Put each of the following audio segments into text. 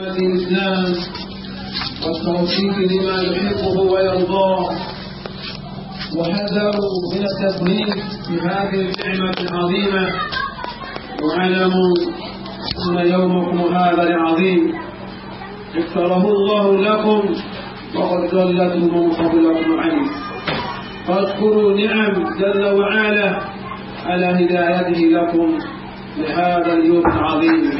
الإسلام والتوفيق لما يحبه ويرضاه وحذروا من التسليم بهذه النعمة العظيمة واعلموا أن يومكم هذا العظيم اختاره الله لكم وقد ضلت من قبلكم عنه فاذكروا نعم جل وعلا على هدايته لكم لهذا اليوم العظيم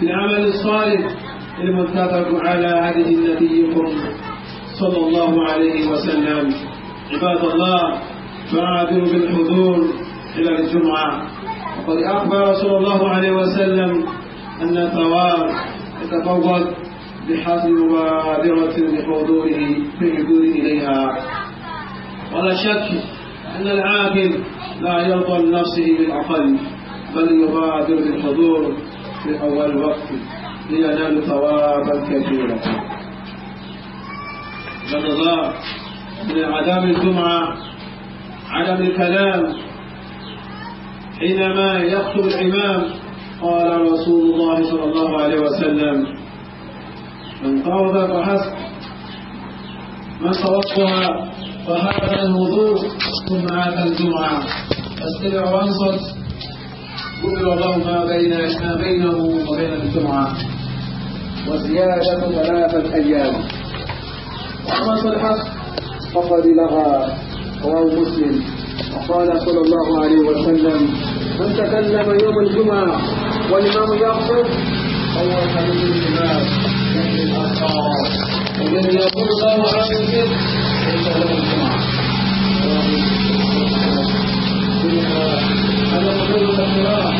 في العمل الصالح لمن سبق على هذه نبيكم صلى الله عليه وسلم عباد الله فعادوا بالحضور إلى الجمعة وقد أخبر صلى الله عليه وسلم أن الثواب يتفوض بحسب مبادرة لحضوره في بالحضور إليها ولا شك أن العاقل لا يرضى لنفسه بالأقل بل يبادر بالحضور في أول وقت لينال ثوابا كثيرا بل الله من عدم الجمعة عدم الكلام حينما يخطب الإمام قال رسول الله صلى الله عليه وسلم من قرض فحسب من توقع فهذا الوضوء ثم هذا الجمعة فاستمع وانصت قل الله ما بين ما بينه وبين الجمعة وزيادة ثلاثة أيام وأما الحق فقد لغى رواه مسلم وقال صلى الله عليه وسلم من تكلم يوم الجمعة والإمام يقصد فهو حبيب الإمام من الأنصار الذي يقول الله عن الكذب ليس له الجمعة أنا أقول لك القراءة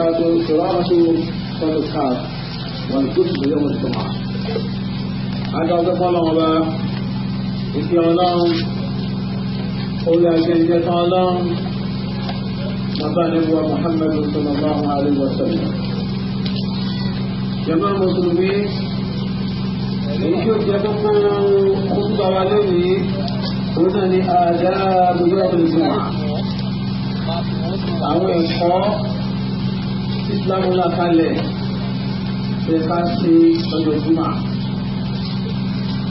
والنفحات قراءة والإسحاق والكتب يوم الجمعة هذا أضف الله وبا إكي الله أولى جنجة الله مطالب محمد صلى الله عليه وسلم جماعة مسلمين èyí yóò jẹ kókó kókó wa lónìí ó náà ní àdáàbò yóò fi fún wa àwọn ẹ̀kọ́ islam ńlá kalẹ̀ ẹ ká ṣe ọjọ́ jùmọ̀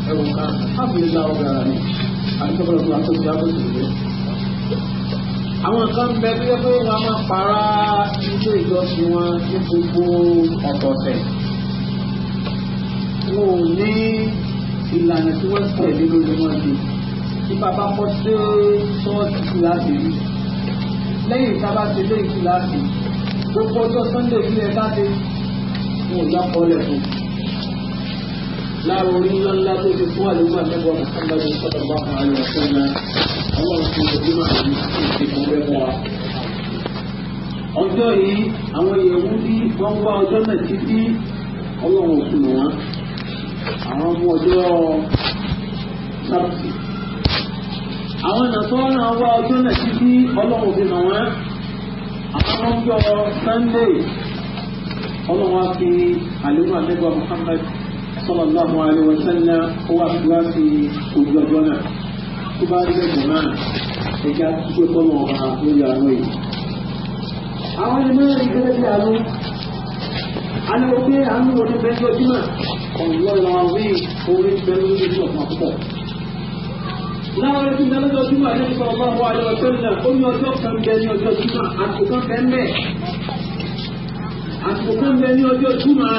ẹ̀wọ̀n kan ábúlé láwọn gara ni àdúgbò tó àtúntò ìyá rẹ̀. àwọn kan bẹ tó yẹ pé máa para ilé ìjọsìn wọn ní gbogbo ọ̀tọ̀ọ̀tẹ̀ wọn ò ní ìlànà tí wọ́n tẹ̀lé lórí wọn ṣe tí bàbá kọ́ sí ṣọ́ọ̀tì kíláàsì lẹ́yìn tá a bá ṣe lẹ́yìn kíláàsì yìí gbogbo ọjọ́ sunday bí ẹ bá dé wọn ò yá kọ́lẹ̀ fún un lára orí ńlá ńlá tó ti fún àlùmọ́ àtẹ́gbọ́n mọ̀sánbàdé sọ̀rọ̀ bá wọn àlọ́ sọ́nà àwọn òfin òbí máa ń fi fún bẹ́ẹ̀ fún wa. ọjọ́ yìí àwọn èèyàn bí wọ́n wá ọjọ́ náà títí ọlọ́run òfin wọn àwọn ọmọ ọjọ́ sábùsì àwọn ìnàtọ́ náà wá ọjọ́ náà títí ọlọ́run òfin wọn lọ́jọ́ sunday ọlọ́wọ́n fi àlejò àlejò muhammad sallallahu alayhi wa sallam ó wà fún wa sí ojú ọjọ́ náà tó bá rí bẹ́ẹ̀ náà ẹja tó tọ́nà ọba lórí àwọn èyí. àwọn ẹni mẹ́rin gẹ́gẹ́ bí àánú àánú pé àánú wọ́n ní bẹ́ẹ̀ ní ọjọ́ náà ọ̀rọ̀ lọ́wọ́ àwọn orí bẹ́ẹ̀ lórí ọ̀pọ̀ àpọ̀ láwọn ẹbí náà lọ́jọ́ júmọ̀ àdéhùn sọ ọba àwọn àyọ̀ ọjọ́ náà ó ní ọjọ́ kan bẹ ní ọjọ́ júmọ̀ àsìkò kan bẹ mẹ́ àsìkò kan bẹ ní ọjọ́ júmọ̀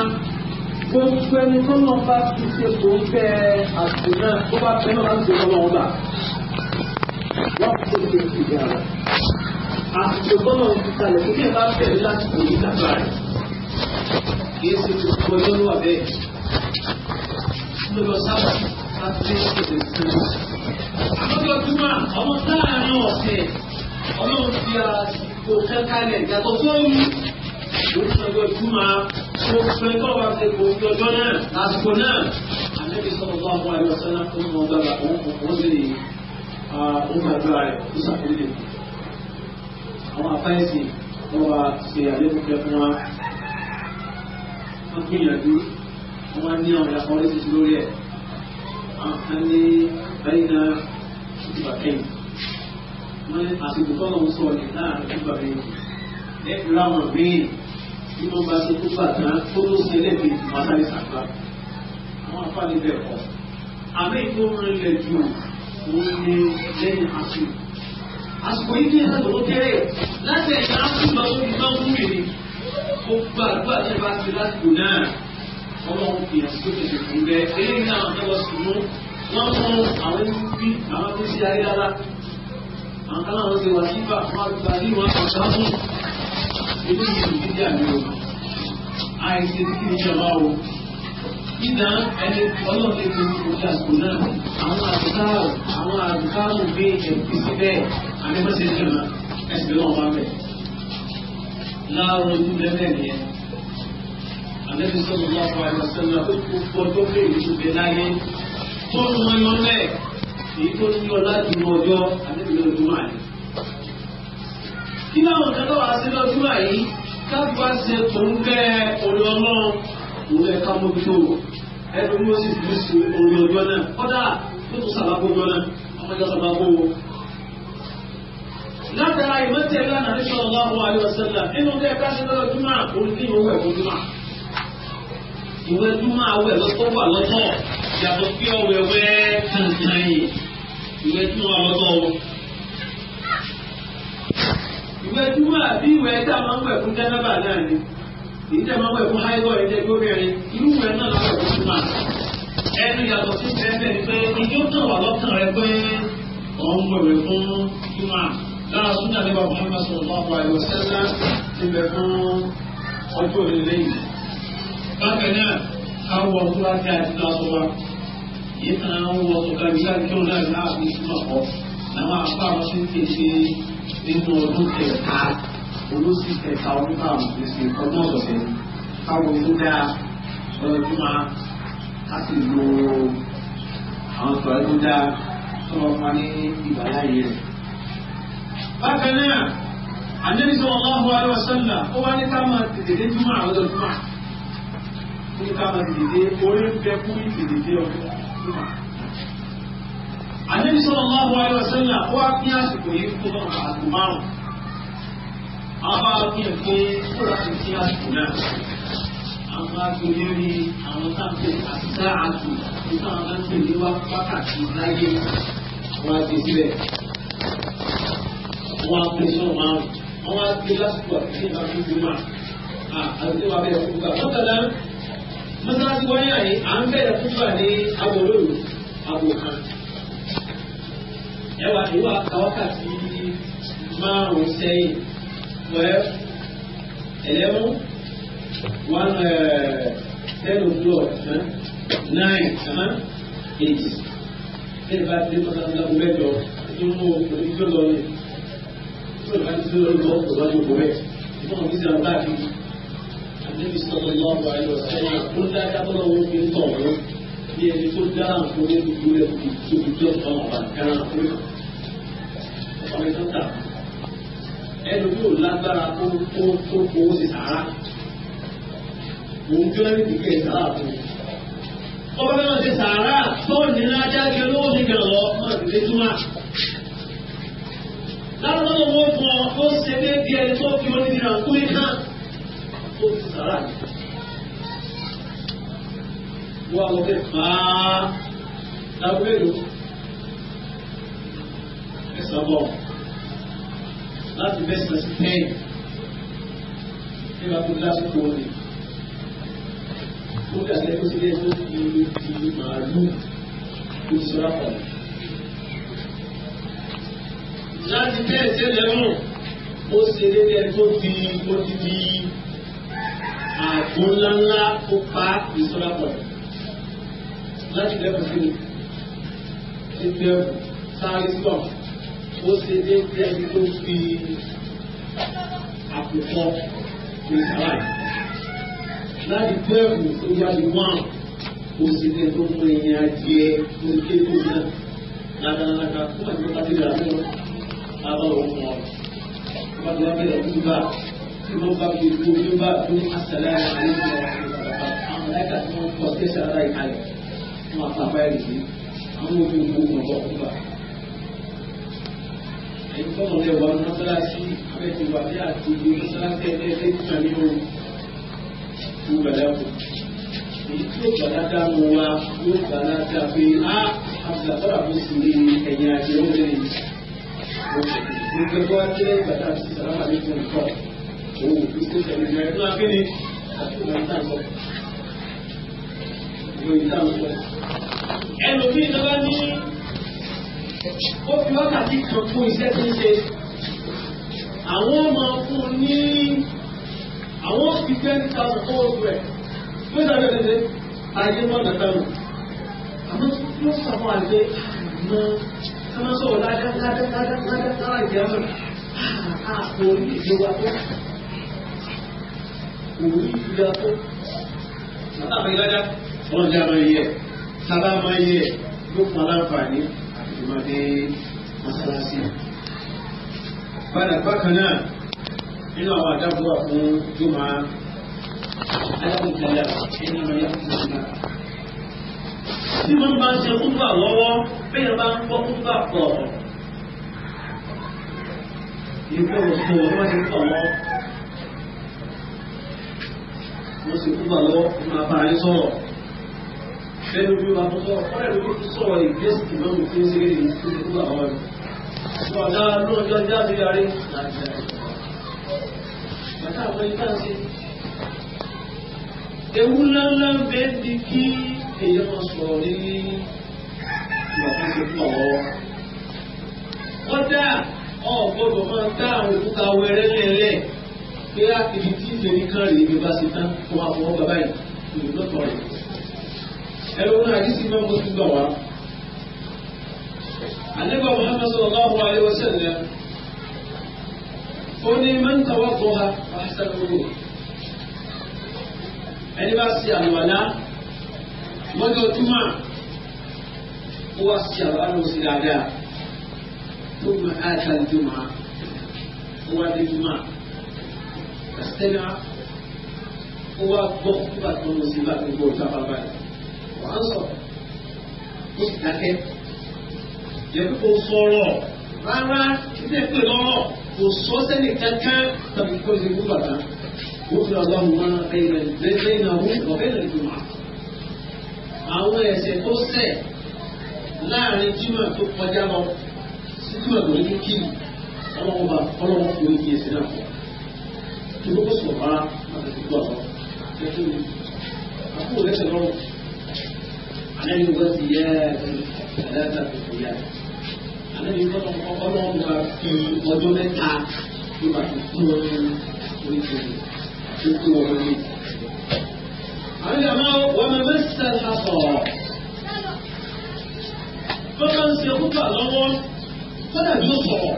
gbogbo ẹni tó lọ bá ti ṣe kò ń bẹ àsìkò náà tó bá tẹ náà láti ṣe ọlọ́wọ́ bá wọ́n ti ṣe ìgbà rẹ̀ àsìkò tó lọ ti kalẹ̀ kí ẹ bá bẹ̀rẹ̀ láti kò ní kàkà rẹ̀ kì í ṣe tuntun ọjọ́ ló wà bẹ́ẹ̀ lọ́jọ́ sábà láti ṣe ìṣẹ̀lẹ̀ lọ́jọ́ júmọ́ ọmọ sáàánú ọ̀sẹ̀ ọlọ́run fi àsìkò kẹ́kálẹ̀ ìyàtọ̀ sóòrù lórí ọjọ́ júmọ́ fẹ́ tó bá ṣe kò fi ọjọ́ náà àsìkò náà àlẹ́bí sọ̀rọ̀ bá wọn àyọ̀ sẹ́nà tó ń wọn gbàgbà òun kò kó rẹ̀ tó sàkóyè àwọn afáìsì wọn bá ṣe àlékún fún wa wọn gbìyànjú wọn ní àwọn ìyàpọ̀ lórí ẹ̀ àwọn kan ní náà ìgbà kẹ́yìn wọ́n àsìkò tọ́lọ̀ ń sọ ní láàrin ìgbà rẹ̀ lẹ́kùn láwọn míì tí wọ́n bá ṣe tó gbà tán tó tó ṣe lẹ́bi mọ́sálí sàgbà àwọn afáàlì bẹ̀ kọ́ àmì tó ń rìnlẹ̀ ju òun ni lẹ́yìn àsìkò àsìkò yìí kéré tó kéré láti ẹ̀ka àsìkò lọ sórí náà fún mi ni ó gbà gbà tẹ́ bá ti lásìkò náà ọlọ́run fi àsìkò tẹ̀sẹ̀ fún bẹ́ẹ̀ wọ́n fún àwọn ẹbí àwọn tó ṣe ayé rárá àwọn kan náà ṣe wà síbà wọ́n gba ní wọn kọ̀ sáfún ilé ìlú gidi àmì o àìsè tí kì í ṣọba o ìdá ẹni ọlọ́run lè fi ojú àsìkò náà àwọn àdùkáàrò àwọn àdùkáàrò gbé ẹ̀kú síbẹ̀ àdébọ̀sẹ̀ ìjọba ẹ̀sìn náà wà bẹ̀ láàárọ̀ ojú lẹ́lẹ́ nìyẹn àdébọ̀sẹ̀ ìjọba wà lọ́sẹ̀ náà ó kú ọjọ́ pé ìlú bẹ̀ láyé tó tún wọn yọ mẹ́ẹ̀ èyí tó ń yọ láti inú ọjọ́ àdébìlẹ̀ ojúmọ́ àyè. kí láwọn kan náà wá sí lọ́jọ́ àyè káàbù bá ṣe tó ń kẹ́ orí ọlọ́run òun ẹ̀ka mójútó ẹni bí ó sì fi sí orí ọjọ́ náà kọ́dà tó tún sàbábó ọjọ́ náà ọmọdé sàbábó látara ìmọ̀tẹ́lá nàdísọ̀rọ̀ láwọn àlè ọ̀sẹ̀ náà nínú kẹ́ẹ̀ká ṣe lọ́jọ́ ìwé túmọ̀ awẹ́ lọ́tọ́ wà lọ́tọ̀ yàtọ̀ bí ọ̀wẹ́ wẹ́ kankan yìí ìwé túmọ̀ lọ́tọ̀ o. ìwé túmọ̀ àbí ìwé tá a máa ń wẹ̀ fún jẹ́nẹ́bà náà ni èyí tá a máa ń wẹ̀ fún háíwọ̀ ẹ̀jẹ̀ gbóbìnrin irú ìwé náà lọ́wọ́ ìwé túmọ̀ ẹnu yàtọ̀ sí bẹ́ẹ̀ ni pé ìjọ náà wà lọ́kàn rẹ pé ọ̀n wẹ̀wẹ̀ fún túmọ̀ lára súnà nípa Muhammad sallallahu alaihi wasallam ti bákan náà awọ fúlàkì àti lásán wa yìí tàn án wọ sọ̀kà bí láti tó náà náà fi túmọ̀ kọ́ làwọn afọ àwọn tí ń pèsè nínú ọdún kẹta olóṣì kẹta ọdún káwọn pèsè ọdún ọ̀sẹ̀ káwọn tó dáa ọdún máa ká sì lo àwọn sọ̀rọ̀ tó dáa tó lọ fún wa ní ìbàláyé rẹ̀. bákan náà àdébísọ̀ ọlọ́hùn alẹ́ wàsánlá ó wá ní ká máa tètè dé júmọ̀ àwọn ọdún máa ní káma dìde orí ń bẹ fún ìdìde ọ̀rọ̀ àníbi sọ̀rọ̀ máa wọ ẹ̀rọ sẹ́yìn àpò àpín àsìkò yìí fún ọ̀rọ̀ àgbò márùn-ún àwọn àpín pé ó láti sí àsìkò náà àwọn agbóyè rí àwọn táǹpé àtúntà àtù nípa àwọn táǹpé ní wákàtí láyé wọn á gbé sílẹ̀ wọn á pè sọ̀rọ̀ márùn-ún wọn á gbé lásìkò àti ní ìbámu ìgbìmọ̀ àti ìwà bẹ́ẹ̀ fún gbà mọ́sálásí wáyé àyè à ń bẹ̀rẹ̀ fúnfà ní agolóòlù agokan ẹwà ìwà àwákàtí márùn sẹ́yìn wẹ́ eleven one eh, ten of o'clock eh, nine eh, eight bẹ́ẹ̀ bá dé mọ́sálásí lágbo mẹ́jọ tó mú onígbẹ́ lọ ní tó bá ti lọ́ọ́ lọ́ọ́ tó bá tó kọ́ bẹ́ẹ̀ tó kàn fi sí àwọn báàgì níbi sọ̀rọ̀ náà wà lọ ẹ̀yà tó dáadáa tó lọ́wọ́ fi ń tọ̀ wọ́n bí ẹni tó dáhùn tó ní gbogbo rẹ̀ kò tó kò tó ọ̀tọ̀ ọ̀bà kan fún ọ̀rẹ́ tó tà. ẹnu yóò lágbára tó tó tó owó ti sàárà òun jọ ẹni kìkẹ́ sàárà fún ọba bẹ́ẹ̀ ti sàárà tó ní lájáde lówó ti kàn lọ máa ti lé túmọ̀. lábàbọ̀ wọn fún ọ ó ṣe dé bí ẹni tó fi onídìrí àkúrẹ́ náà ó ti sàrà ní. wọ́n àwọn ọ̀fẹ́ máa dáwọ́ èrò ẹ̀sán bọ̀ láti mẹ́sàn-án sí tẹ́yìn nígbà tó lásìkò rẹ̀ ó dàgbé ó sì lé tó fi ti màálù ó ti sọ́ra pọ̀. láti bẹ́ẹ̀ tẹ́lẹ̀ mọ̀ ó ṣe déédéé tó fi ó ti fi ààbò ńláńlá kó pa ìsọlá pọ̀ láti lẹ́kọ̀ọ́ sí ni ti bẹ̀rù sáré sọ̀ ó ṣe déédéé ẹni tó fi àpòpọ̀ ìsàlá láti bẹ̀rù tó yá ni wọ́n ó ṣe déédéé tó mú ẹ̀yìn adìẹ tó ké tó náà lágbàlagbà fún àti bàtà tí ìlànà àbáwọ̀ fún ọ. Bàtà tí wọ́n bẹ̀rẹ̀ tó tí wọ́n bá fi kú ní bá tó àṣàlẹ̀ àlejò àwọn ẹ̀ka tí wọ́n kọ́ sí ṣàlàyé ìkàlẹ̀ wọn àtàbá ẹ̀rì sí àwọn òbí òkú ọ̀bọ̀ kúbà. ẹ̀yin fọ́nà lè wà mọ́sálásí abẹ́tí wà ní àti ibi mọ́sálásí ẹ̀dẹ́ ẹ̀dẹ́ ìtàn nínú ìlú gbàdáko. èyí tí ó gbàdáka mọ wa ló gbàdáka pé á àbùsàtọ́rà tó sì ní ẹ̀yìn àti ọ̀rẹ́ rẹ̀ ní. mo kẹ́kọ̀ọ́ òun ò fi sẹ́sẹ̀ ní ẹ̀rọ tó akéde àti ìmọ̀ ìtàǹsọ̀. ìmọ̀ ìtàǹsọ̀. ẹnu bí ìjọba ní ó fi wákàtí kan fún iṣẹ́ tó ń ṣe àwọn ọmọ fún ní àwọn fi ten thousand four hundred ló dáná dédé ayé mọ́ nàdánù àmọ́ yóò sàmọ́ àgbẹ̀ àmọ́ sọ́mọ́sọ́wọ́ ládá ládá ládá ládá lára ìyá mọ́ àpò ìjọba tó kò rí ìdá tó sábà máa yára ọlọ́jà máa yẹ sábà máa yẹ ló fún aláǹfààní àti ìmọ̀dé mọ́sálásí. padà bákan náà nínú àwọn àdábòwà fún jùmọ̀ alákùnkànlá ẹni máa yá fún ìgbà. bí wọ́n bá ń ṣe kúńbà lọ́wọ́ bẹ́ẹ̀ bá ń gbọ́ kúńbà pọ̀. ìgbẹ́ òṣùwọ̀n wọ́n ti pọ̀ wọ́n mo sì túbọ̀ lọ́wọ́ fún máa bá yín sọ̀rọ̀ lẹ́nu bí wàá tó sọ̀rọ̀ fún ẹ̀rọ sọ̀rọ̀ ìgbésì tó lọ́nu tó ń ṣe èyí tó ti túbọ̀ àwọn ẹ̀rọ. Bọ̀dá lóòjọ́ jáde yarí láti ẹ̀rọ. Bàtà àwọn ìta ṣe. Ewu ńláńlá bẹ́ẹ̀ di kí èèyàn máa sọ̀rọ̀ ní ìwà ṣe fún ọ̀wọ́. Wọ́n dá ọ̀gbọ́dọ̀ máa dá àwọn òkúta wẹrẹ́ lẹ́lẹ́ pé ibi tí ìṣèlú kan rèé bí bá ṣe tán fún àfọwọ́ bàbá yìí kò Muhammad sallallahu alaihi wasallam ó ní máa ń tọwọ́ kọ́ ha wàá sàkóso. ẹni bá ṣe àlùwàlá lọ́jọ́ túmọ̀ ó sẹ́nà ó wá gbọ́ nígbà tó ń lọ sí ìgbà tó ń gbọ́ ọ̀tá bàbá rẹ̀ wọ́n á sọ̀rọ̀ ó sì dákẹ́ yẹ̀bí kò sọ̀rọ̀ rárá ilé pè lọ́rọ̀ kò sọ sẹ́nì kankan tàbí kó ṣe fún bàtà ó fi ọlọ́run wọn ẹ̀yìn lẹ́yìn náà wọ́n tí ó bọ́ sọ̀rọ̀ máa láti fi gbọ́ àwọn ẹ̀kọ́ ni àkókò lẹ́sẹ̀ lọ́rùn àlẹ́yìn wọ́n ti yẹ ẹ̀ẹ́dẹ́ta tó yá àlẹ́yìn ọlọ́run máa fi ọjọ́ mẹ́ta tó bá fi kú wọn ní oríṣi tó kú wọn ní. àwọn ìyàmá wọn máa mẹ́sẹ̀ lásọ̀rọ̀ tó máa ń ṣe kúkà lọ́wọ́ kọ́dà yóò sọ̀rọ̀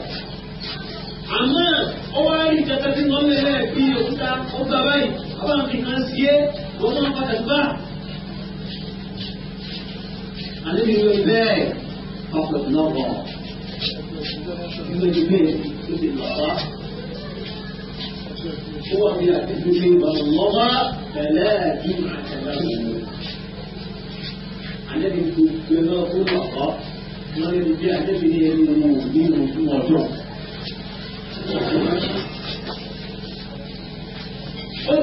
àmọ́ ó wá rí kẹta tí wọ́n lè lẹ́ẹ̀ bí òkúta ó gbà báyìí ọba mi kan sí é wọ́n máa padà gbà. àlejò yóò bẹ́ẹ̀ ọkọ̀ náà bọ̀ ilé ilé tó ti lọ wá. ó wà ní àdéhùn ilé ìbàdàn pẹ̀lẹ́ ìdúró àtẹ̀lẹ́ ìlú. àlejò gbogbo náà ó lọ́kọ́ wọ́n lè ní ẹni ọmọ òbí ọdún ọdún. ó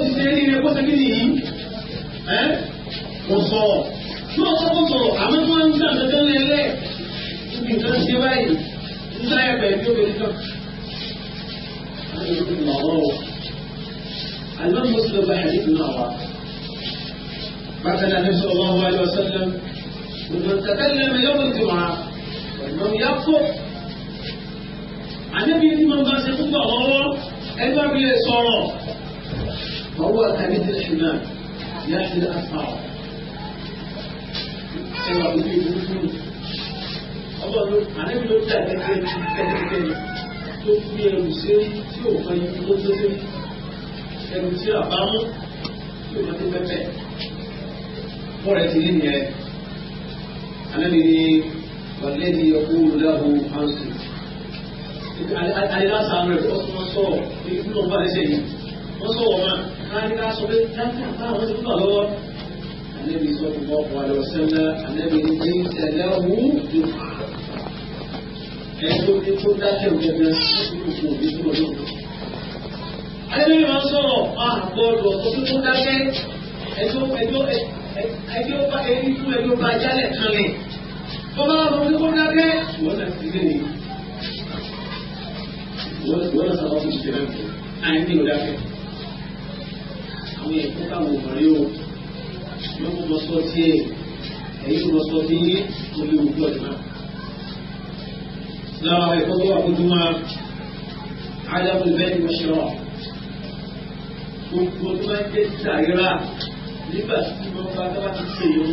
ti ṣe ní ilé kọ́sẹ̀ kí nìyí ẹ́ kò sọ̀rọ̀ tí wọ́n sọ kó sọ̀rọ̀ àmọ́ tí wọ́n ń gbà tẹ́tẹ́ lẹ́lẹ́ níbi nǹkan ṣe báyìí ń sáyà bẹ̀rẹ̀ bí obìnrin kan. الإمام مسلم بحديث من الله مثلا النبي صلى الله عليه وسلم ومن تكلم يوم الجمعة والإمام يقف àdébí tí mo bá ṣe púpọ̀ lọ́wọ́ ẹgbẹ́ mi lè sọ̀rọ̀ ọwọ́ àtàlẹ́ ti ṣù náà yá sí àpá ẹwà ló fi ìlú fún ọwọ́ ló àdébí ló dà gẹ́gẹ́ bí kẹ́kẹ́kẹ́ tó fi ẹrù sí tí ò fẹ́ yí ló tó dé ẹrù tí àbámú tí ò fẹ́ tó pẹ́pẹ́ bọ́ọ̀rẹ́ ti ní nìyẹn àdébí ni wàlẹ́ ni ọkùnrin lọ́hùn-ún fáńsì adídásá rẹ̀ wọ́n tún wọ́n sọ̀rọ̀ ní kí lóun bá lè ṣe yìí wọ́n sọ̀rọ̀ wọn adídá sọ pé dáńtà táwọn ti fúnà lọ́wọ́ ànẹ́bí sọ fún wọn wà lọ sẹ́lẹ̀ ànẹ́bí ní bí tẹ̀lé wù ú ẹ̀dùn ní tó dákẹ́ òjẹ̀dẹ̀ lóṣù òbí tó lọ lóṣù. adébí máa ń sọ̀rọ̀ àgbọ̀dọ̀ tó tó dákẹ́ ẹjọ́ ẹjọ́ ẹjọ́ bá ẹni fún ẹjọ́ bá jálẹ̀ kan lẹ̀ tó bá lọ sí kó dákẹ́ wọ́n náà ti lọ́dọ̀ sábà fún ìṣẹ̀lẹ̀ láti àyè ní ìlú dáfẹ́. àwọn ẹ̀kọ́ káwọn òbárí o yóò kó lọ sọ sí ẹ̀ ẹ̀yìn kó lọ sọ sí ní orí òkú ọ̀dùnmá. lára ẹ̀kọ́ tó wà fojú máa ádámù bẹ́ẹ̀ ni wọ́n ṣe rọ̀. gbogbo tó máa ń dé sàríra nígbà tí wọ́n bá tó bá ti ṣe ìyẹn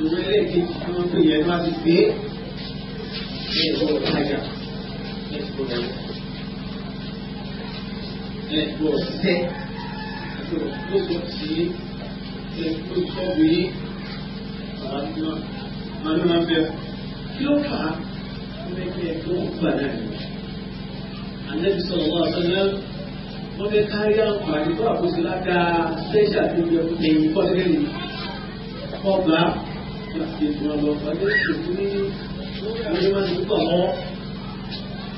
ìwé ẹlẹ́ẹ̀kejì tí wọ́n pè yẹn máa ti pé ẹ̀ ọ̀rọ̀ ẹ̀kọ́ ọ̀sẹ̀ lóko tí ẹ̀kọ́ ìkọ́wé àbájúmọ́ máa ń bẹ kí ló fà á mẹ́kẹ́ ẹ̀kọ́ ògbà náà ni. Àlẹ́bí sọ̀rọ̀ wọ́n àtọ́lẹ́ wọ́n fẹ́ kárí àǹfààní tó àkóso lága ṣẹ́ṣà tó yẹ kó ẹ̀yìn kọ́ sílẹ̀ ni. Ọgbà láti ètò ọ̀lọ́fà lẹ́sìn tó ní wọ́n máa ń tọ̀ ọ́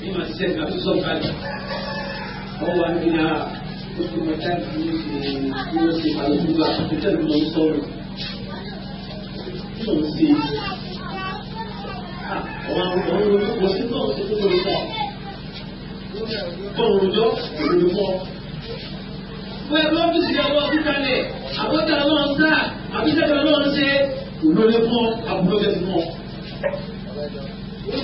ní màá ṣiṣẹ́ ìgbà tó sọ̀rọ̀ báyìí wọ́n wá ní ní àá ó ti mọ táìpì ní ìṣòro tí wọ́n ṣe pàlọ́ gbogbo àkókò tẹ́lẹ̀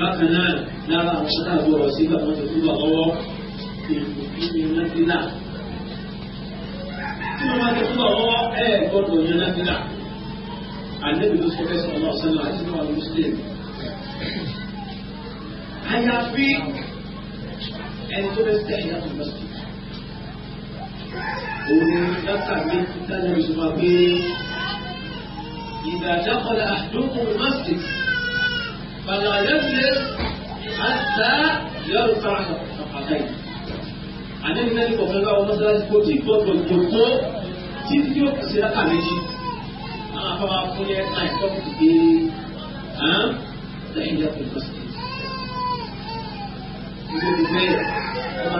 bákan náà lára àwọn sátàbí ọ̀rọ̀ sí ìgbà wọn ti kú bà lọ́wọ́ ìrìn nàfìlà tí wọ́n bá ti kú bà lọ́wọ́ ẹ̀ gbọ́dọ̀ yẹn nàfìlà àlẹ́bí ló sọ fẹ́ sọ̀rọ̀ sọ́nà àti náà muslim àyàfi ẹni tó lẹ́sẹ̀ ẹ̀yà tó lọ sí òun látàgbé títà lórí ìṣòwò àgbé ìgbà àjákọ̀lẹ̀ àdókòwò mọ́sítì. فلا يفرغ حتى يرفع صفحتين àdéhùn náà ní kọ̀ọ̀kan bá wọn mọ́sálásí kó tó ìkọ́tò ìkòtò títí tí ó kù sí lápá méjì àwọn afọ máa fún yẹn náà ìkọ́tò ti gbé hàn lẹ́yìn ìyá tó lọ sí. ìgbé ti gbé wọn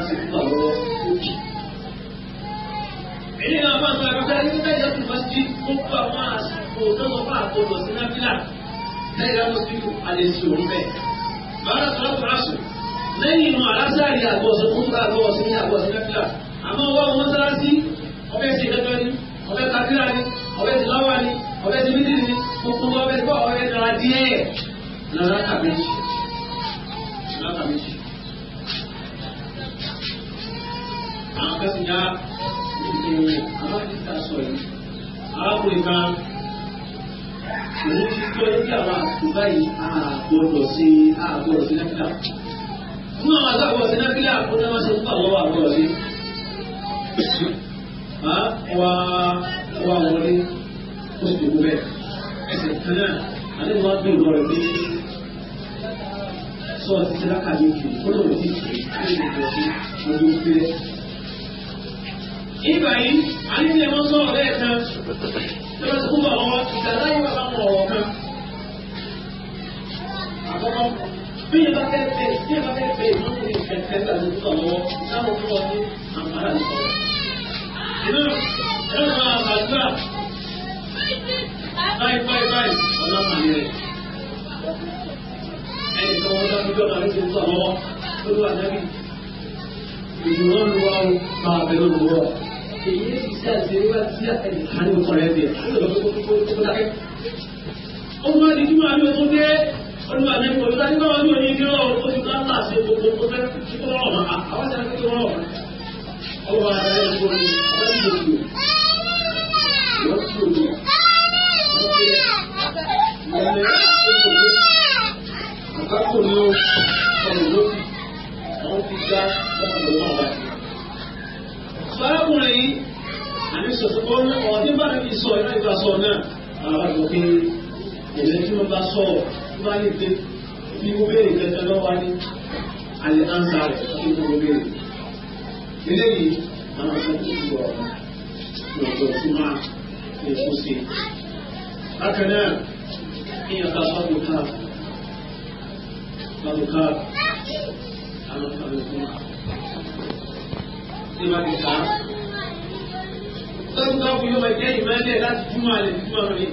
máa ti kú àwọn òkè lẹ́yìn àwọn tí kò alẹ́ sí òun bẹ́ẹ̀. bàbá tó lọ́kọ̀ aṣọ lẹ́yìn inú aláṣáàrí àgbọ̀sọ̀ fún bá àgbọ̀sọ̀ ní àgbọ̀sọ̀ lẹ́fìlà àmọ́ wọ́n wọ́n mọ́sálásí ọbẹ̀ sí ìdẹ́jọ́ ni ọbẹ̀ kakíra ni ọbẹ̀ sí lọ́wọ́ ni ọbẹ̀ sí mídìrì ni gbogbo ọbẹ̀ sí ọbẹ̀ dára díẹ̀ lára kàbéjì lára kàbéjì. àwọn akẹ́sìn yá ní ìpínlẹ̀ àwọn akẹ́sìn yá sọ yìí arákùnrin kan tó yẹ kí àwọn àsìkò báyìí àgbọ̀dọ̀ sí àgbọ̀dọ̀ sí náfìlà. fún àwọn àgbàgbọ̀ sí náfìlà ó ní wọ́n ṣe ń pàwọ́ àgbọ̀dọ̀ sí. wá wá wọlé ó sì dòwó bẹ́ẹ̀ ẹsẹ̀ kan náà àti wọn bí ìwọ rẹ̀ bí sọ ti ṣe lákàdé jù ó lóun ti ṣe àgbọ̀dọ̀ sí ọdún pẹ́rẹ́. ìgbà yìí àníṣe wọn sọ̀rọ̀ lẹ́ẹ̀kan lọ́sọ̀kúnbọ̀ wọn ìgbà láyé bàbá wọn ọ̀rọ̀ kan àkọ́kọ́ bí ìbá fẹ́ fẹ́ bí ìbá fẹ́ fẹ́ ìlú ní ìfẹ̀fẹ́ gbà ní ìtọ̀ lọ́wọ́ sáwọn tó wọ́n ní àǹfààní àti sọ̀rọ̀. ìlú ẹ̀rọ àgbàdúrà báyìí báyìí báyìí ọ̀nà àmì rẹ̀. ẹnì kan wọn bá dúdú ọ̀nà àti ìtọ̀ lọ́wọ́ tó lù ànábì. ìdùnnú lu wa o máa bẹ lóru wọ. èyí ti sẹ́ àti ìwé àti ẹnì kan ní ọkọ̀ rẹ̀ bẹ̀ ó lọ nígbà tí kò nígbà nígbà wọn ní òní ní ọ̀rọ̀ ó ti káńtà sí gbogbo tó fẹ́ kí wọ́n rọ̀ máa àwọn ti àti kí wọ́n rọ̀ ọwọ́ ara ẹ̀ kò ní wọ́n ti òkú wọ́n ti òkú ìyẹn àkàkò ní ọ̀rọ̀ lókì wọ́n ti dá ọmọ ìwọ̀n wá. Sọ́yàkùnrin yìí, àní sọ̀tọ̀ ní ọ̀ọ́dún bá sọ ìrìn ìgbà sọ náà, àwọn àgbà pé ìrìn bá sọ̀rọ̀ bá lè dé bí mo béèrè kẹta lọ́wọ́ wá ní àlè ánsá rẹ̀ kí mo béèrè. eléyìí àwọn ọ̀sán tó ti wọ̀ lọ́jọ́ tí máa lè kó sí i. bákan náà kí n yàtọ̀ sábò káà sábò káà àwọn sábò káà. ṣé máa ti kà á? sábò káà fún yóò máa jẹ́ ìmọ̀lẹ̀ láti túmọ̀ àlè túmọ̀ rẹ̀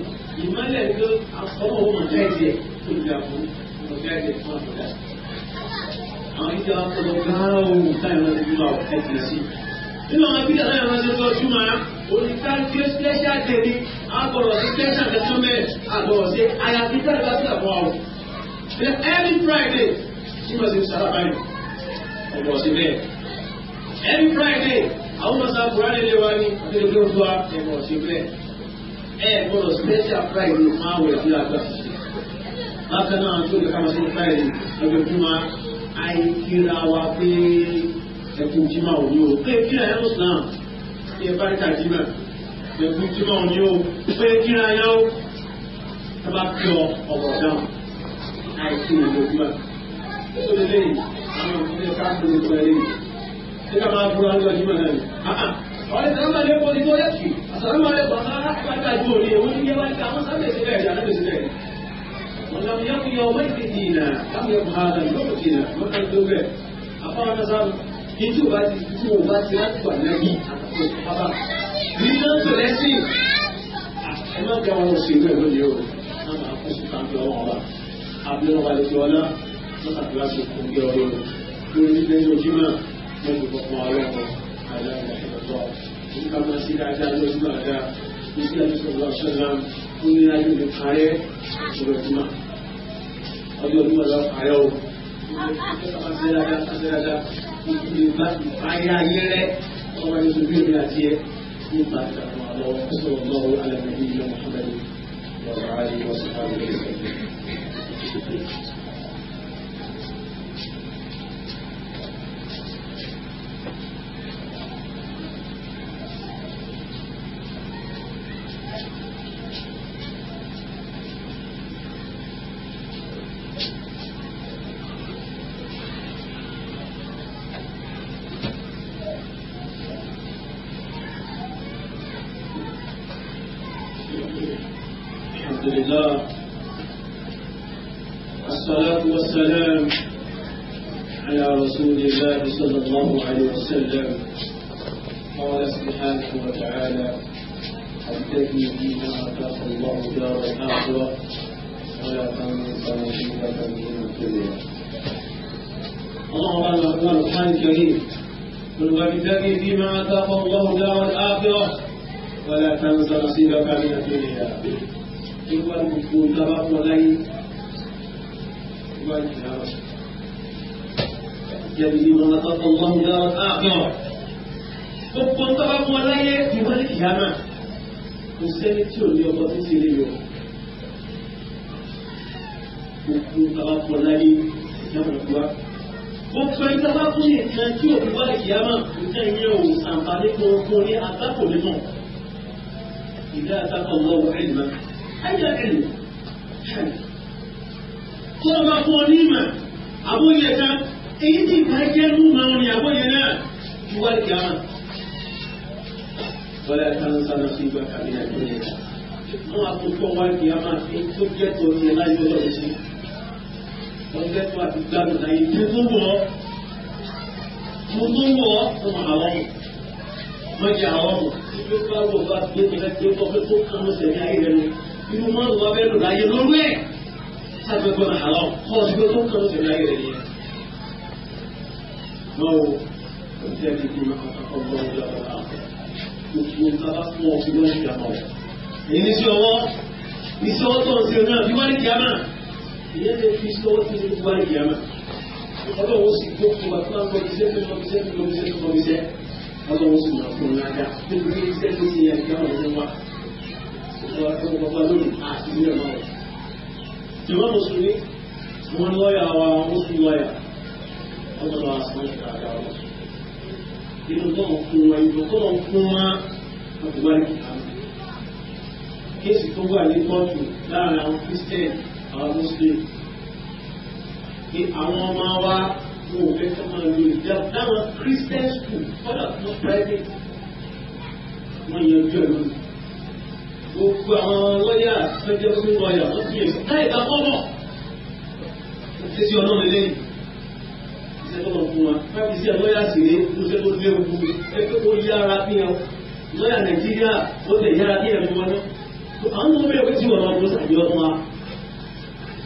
ìmọ̀lẹ̀ ló àkọ́mọ̀ òun ọ̀tá ẹ̀jẹ̀ tó ń jà fún ọ̀gá ẹ̀jẹ̀ fún àbúrò. Àwọn ìjọ akọ̀lọ̀ gbára ohun táyọ̀ náà ti fi máa ọ̀kẹ́ kìí sí. Nínú àwọn ìbílẹ̀ náà wọ́n ti sọ túmọ̀ oníta tí ó special day ni agbọ̀rọ̀ sí special government agbọ̀rọ̀ sí àyàfi tẹ́lẹ̀ bá sí àbọ̀ àwọn. Ṣé every Friday tí wọ́n ti sára báyìí? Ọ̀gbọ̀rọ̀ sí bẹ́ẹ̀. Every Friday àwọn ọmọ sáà Buhari lè wá ní akéde kí ó fún wa ẹ̀gbọ̀rọ̀ sí bẹ́ẹ̀. Ẹ gbọ́dọ̀ special Friday máa wẹ̀ sí àgbà bákan náà tó lè káwọn sínú fáìlì ọjọ́júmọ́ àìkíra wa pé ẹkùn jimá ò ní o pé kíra ẹ ló sàn án ṣe bá ríta jimá ẹkùn jimá ò ní o pé kíra ẹ ó ẹ bá kí ọ ọ̀rọ̀ náà àìkíra ẹ ló jimá. nítorí lẹ́yìn àwọn òṣìṣẹ́ káàkiri ló fẹ́ lẹ́yìn ṣé ká máa búra lọ jimá náà ni. ọ̀rẹ́ sàlámà lè kọ́ ní tó yẹ kì sàlámà lè kọ́ sàlámà lè kọ́ sàlámà lè kọ́ ní ولم يكن يومئذ دينا لم يكن هذا اليوم دينا وكان دوبه أفهم مثلا ìtú bá ti tí o bá ti láti wà lẹ́bí àtàkùn nínú tẹ̀lé sí ẹ má jẹ́ àwọn òṣèlú ẹ̀rọ ni o náà máa kó sùn káńtì ọwọ́ wa àbí ọba lè fi ọlá lọ́sàkúrà sí fún bí ọ̀rọ̀ rẹ̀ lórí nílé ní ojúmọ́ lẹ́nu gbọ̀ngàn ọlọ́run àìláìlá ìrọ̀tọ́ ní ká máa ṣe Ayo, ọdún ọ̀la ààrẹ o àṣẹdáadáa àṣẹdáadáa ìdílé bá ti ayé ayé rẹ ọmọ ẹni tó bí omi àti ẹ ní pàtàkì àwọn àlọ́ ọ̀sọ̀rọ̀ lọ́wọ́ alẹ́ nàìjíríà mọ̀hámẹ́dì wàhálà àlè wọ́sọ̀rọ̀ àlè الله على الرحمن الرحيم الكريم قل والوالدان فيما اتاق الله دار الاخره ولا تنس نصيبك من الدنيا ايها المسلمون تبقوا لي جلدي من اتاق الله دار الاخره gbogbo tọ́ba wọn láyé ìwádìí kìámà kò sẹ́ni tí ò ní ọkọ̀ tó ti lè yọ. gbogbo abakọ̀ láyé ìjọba wa. gbogbo ẹgbẹ́ bá tún lè kan tí òbí wá ìyáma nǹkan ìyẹn ò àǹfààní kan fún ní àtàkò nínú. ìdá àtàkò lọ́wọ́ ẹ̀dùnmá. ẹ̀dùn ẹ̀dùn. tó o bá fún ọ ní ìmọ̀ àbóyè kan èyí tí ìgbà jẹ́ nù máa ń rìn àbóyè náà ju wá ìyáma. wọ́n lè kàn sánà sí ìgbà kàmínà ìgbà yẹn. wọ́n á tún fọ́ wá ìyáma tó jẹ́ tó ní láyé ọlọ́run sí i wọ́n fẹ́ fún àti gbádùn láyé tí ó tún wọ̀ mo tún wọ̀ ó mà àwọn ọmọ wọ́n jẹ àwọn ọmọ tí ó bá wọ̀ bá gbé mi láti ó kọ́ pé kó kàn mọ́ sẹ̀mí ayé rẹ̀ lọ irú mọ́ ló wá bẹ́ẹ̀ lò láyé lórí ẹ̀ sábẹ́ gbọ́n àlọ́ kọ́ ọ̀sìn pé kó kàn mọ́ ìyẹn lè fi sọ́wọ́ sí ní ìwà ìyàmà ọlọ́wọ́ sì tó fún wa fún àwọn iṣẹ́ tó lọ iṣẹ́ tó lọ iṣẹ́ tó lọ iṣẹ́ ọlọ́wọ́ sì máa fún un lájà nítorí tu tó ti yàn ìyá ọ̀rẹ́ wa ọ̀rọ̀ àtọ́wọ́ bàbá lónìí àti ní ọ̀nà rẹ̀. ìwọ́n mùsùlùmí wọn lọ́ọ̀yà wa mùsùlùmí lọ́ọ̀yà ọlọ́wọ́ àṣọ ìgbàgbà wọn. inú tó ń fún wa ìlú tó ń fún wa àbúgbà ìkàwé kéèsì tó wà ní kóòtù láàrin àwọn kírísítẹ́nì àwọn muslim pé àwọn ọmọ wa wò ó fẹ́ sọ́mọ lu ìjà táwọn christian school fọ́dà tó private wọ́n yẹn ojú ẹ̀ lónìí gbogbo àwọn lọ́yà sọ́jọ́ fún lọ́yà wọ́n ti yẹ láì bá kọ́mọ̀ ó ti sí ọlọ́run lẹ́yìn iṣẹ́ tó lọ fún wa káàbí sí lọ́yà sì ré lóṣẹ́ tó lé ogun ẹgbẹ́ tó yára bí wọn lọ́yà nàìjíríà ó lè yára bí ẹ̀ fún wọn náà àwọn ọmọ bẹ̀rẹ̀ pé tí wọn lọ bó sàbí ọdún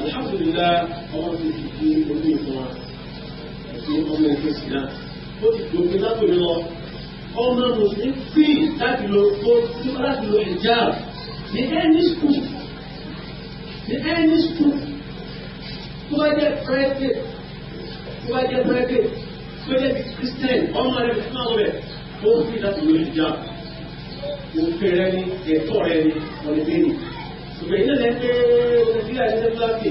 alhamdulillah ọmọ ti fi fi orí ìfún wa ẹ̀sìn ọmọ ẹ̀kẹ́ sí náà ó ti fi omi látòrí lọ ọmọ mùsùlùmí fi láti lo láti lo hijab ní ẹni skul ní ẹni skul tó bá jẹ́ private tó bá jẹ́ private tó jẹ́ christian ọmọ rẹ̀ fún àwọn rẹ̀ ó fi láti lo hijab òfin rẹ̀ ni ẹ̀tọ́ rẹ̀ ni ọ̀lẹ́bẹ̀rẹ̀ ṣùgbọ́n ilé lẹ́ pé nàìjíríà ní sẹ́fúlá pè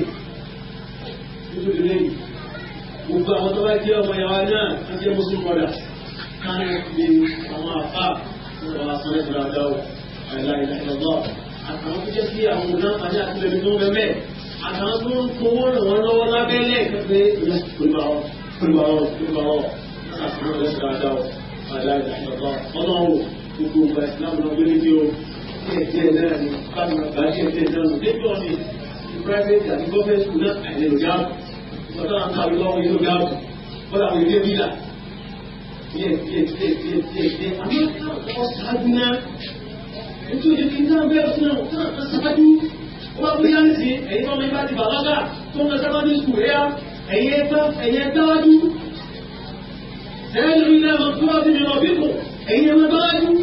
nítorí lẹ́yìn gbogbo àwọn tó bá jẹ́ ọmọ ìyàwó náà wọ́n jẹ́ muslim brother kánú lè àwọn àfà wọn wà sọ lẹ́sìn dáadáa o àìlá ìlà ìlọ́gbọ́ àtàwọn tó jẹ́ sí àwọn onáfààní àti lẹ́bi tó ń bẹ mẹ́ àtàwọn tó ń kówó ràn wọ́n lọ́wọ́ lábẹ́lẹ̀ pé olùbàwọ̀ olùbàwọ̀ olùbàwọ̀ àtàwọn lẹ́sìn dáadáa o àìlá ìlà ìlọ́gbọ́ ọlọ́run díẹ̀ náà ni káàdì bá díẹ̀ díẹ̀ náà nù lẹ́jọ́ ni private àti government school náà àìlè lòdì ààbò ọ̀tọ́ náà ń kàwé lọ́wọ́ yìí lòdì ààbò bọ́lá àwọn ilé bílà díẹ̀ díẹ̀ díẹ̀ díẹ̀ díẹ̀ díẹ̀ àmọ́ ọ̀ ṣáájú náà nítorí kí n náà bẹ́ẹ̀ fún náà ọ̀ ṣáájú wọ́n bí yára sí ẹ̀yin tó ń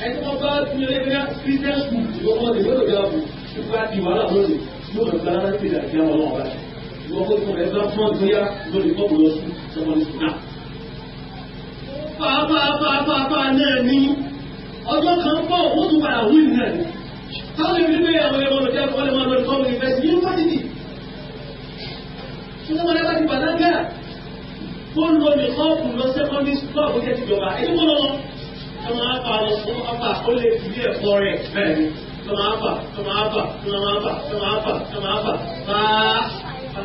É ẹni tó bá ní ẹgbẹ́ business school tí wọ́n lè lọ́dọ̀ yà wò tí wọ́n di wàhálà lónìí yóò lọ gba ara ti dàgbé àwọn ọlọ́wọ́ báyìí ìwọ́n kó tó rẹ̀ bá fún ọ tó yá lórí kọ́ọ̀bù lọ sí sọmọlì sí náà. pàápàápàápàá náà ní ọjọ́ kan bọ̀ ó tún padà wí náà ní. táwọn èmi gbé àwọn ẹ̀rọ lọ́jà kọ́ lè máa lọ kọ́ mi fẹ́ sí yunifásitì. tó sọ́mọlẹ́ bá ti bàlágà tó lọ ní kọ́ọ̀bù lọ sẹ́kọ́ndì tó máa bà lè fún ọba ó lè fi bí ẹ̀fọ́ rẹ̀ bẹ́ẹ̀ ni tó máa bà tó máa bà tó máa bà tó máa bà tó máa bà bá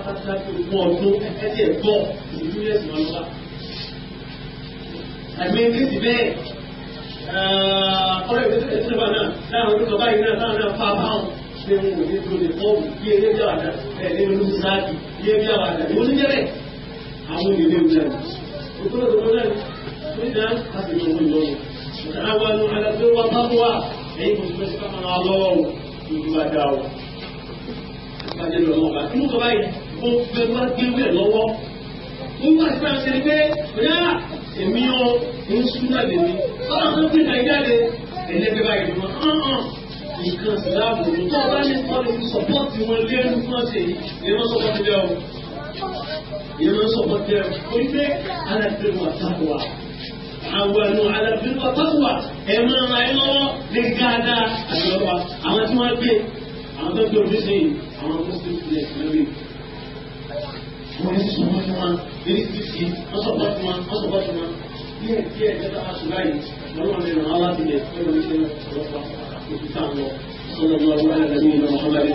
pátákì ogún ọdún ẹ̀ẹ́dì ẹ̀gbọ́ ìlú ẹ̀sìn ọlọ́wà. àmì kéèsì bẹ́ẹ̀ ọ̀rẹ́ ìgbésẹ̀ ìṣẹ́fà náà láwọn ọdún kan báyìí náà láwọn náà fà báwọn ṣe ń wò ní ìdúró fọ́ọ̀mù bí eré bí àwàdà ẹ̀ẹ́dì olùsáàdì bí eré bí àwàdà ni oníjẹ́rẹ̀ àwọn ènìyàn ń jẹun. òkúrò tó lọ́nà nígbà àti ìgbà wọn lọ́wọ́. تعاونوا على البر والتقوى èyí kò sí pé sípà máa lọ́wọ́ o ìlú wa dá o nípa jẹ́ lọ́wọ́ wa inú kọ́ báyìí mo fẹ́ wá gbé wẹ̀ lọ́wọ́ wọ́n wá sípà ṣe ni pé bóyá èmi ọ ń súnà lèmi ọ̀rọ̀ tó gbé nàìjíríà lè ẹ̀lẹ́gbẹ́ báyìí lọ́wọ́ hàn-hàn nǹkan ìsìláàmù ní tó bá ní kọ́ lè fi sọ́pọ́ọ̀tì wọn lé ẹnu fún ọ̀sẹ̀ yìí ìrọ́ sọ́pọ́ọ̀tì bẹ́ẹ̀ o ìrọ́ sọ́pọ́ọ̀tì bẹ́ẹ̀ o àwọn ẹnu alábíwá tọ́wà ẹ máa ra ẹ lọ́wọ́ ní dáadáa àti ọ̀wà àwọn tí wọ́n gbé àwọn tó gbé omi sí àwọn tó sì fi ẹ̀sìn lórí. wọ́n ní sísun wọn fún wa ní sísì wọ́n sọ̀kọ́ fún wa wọ́n sọ̀kọ́ fún wa díẹ̀ díẹ̀ dẹ́ta aṣọ báyìí lọ́wọ́ mi ràn án láti lẹ̀ lọ́wọ́ mi ṣe lọ́wọ́ صلى الله على نبينا محمد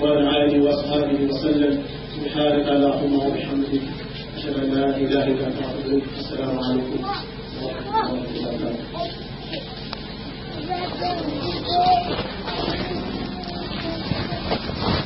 وعلى اله وصحبه وسلم سبحانك اللهم وبحمدك أشهد أن لا إله إلا أنت السلام عليكم Thank you.